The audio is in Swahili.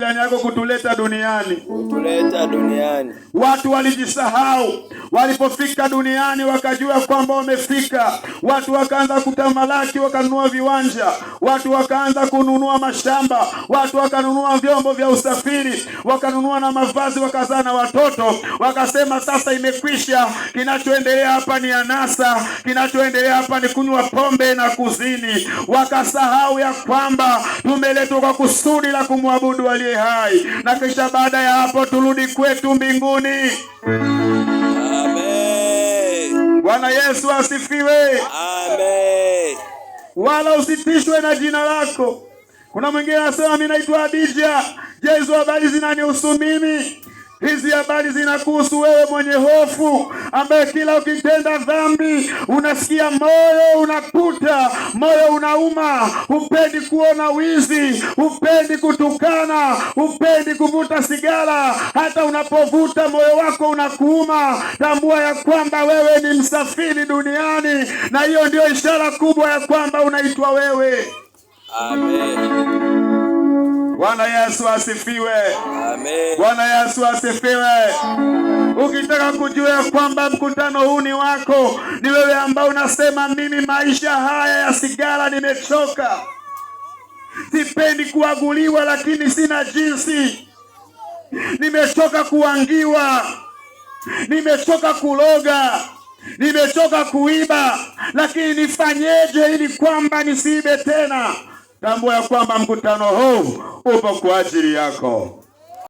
ndani yako kutuleta duniani, kutuleta duniani. Watu walijisahau walipofika duniani, wakajua kwamba wamefika. Watu wakaanza kutamalaki, wakanunua viwanja, watu wakaanza kununua mashamba, watu wakanunua vyombo vya usafiri, wakanunua na mavazi, wakazaa na watoto, wakasema sasa imekwisha. Kinachoendelea hapa ni anasa, kinachoendelea hapa ni kunywa pombe na kuzini. Wakasahau ya kwamba tumeletwa kwa kusudi la kumwabudu aliye hai, na kisha baada ya hapo turudi kwetu mbinguni. Amen. Bwana Yesu asifiwe. Amen wala usitishwe na jina lako. Kuna mwingine anasema mimi naitwa Adija, je, hizo habari zinanihusu mimi? Hizi habari zinakuhusu wewe mwenye hofu, ambaye kila ukitenda dhambi unasikia moyo unakuta, moyo unauma, hupendi kuona wizi, hupendi kutukana, hupendi kuvuta sigara. Hata unapovuta moyo wako unakuuma. Tambua ya kwamba wewe ni msafiri duniani, na hiyo ndio ishara kubwa ya kwamba unaitwa wewe. Amen. Bwana Yesu asifiwe. Amen. Bwana Yesu asifiwe. Ukitaka kujua kwamba mkutano huu ni wako, ni wewe ambao unasema mimi maisha haya ya sigara nimechoka, sipendi kuaguliwa, lakini sina jinsi, nimechoka kuangiwa, nimechoka kuloga nimechoka kuiba, lakini nifanyeje ili kwamba nisiibe tena? Tambua ya kwamba mkutano huu upo kwa ajili yako.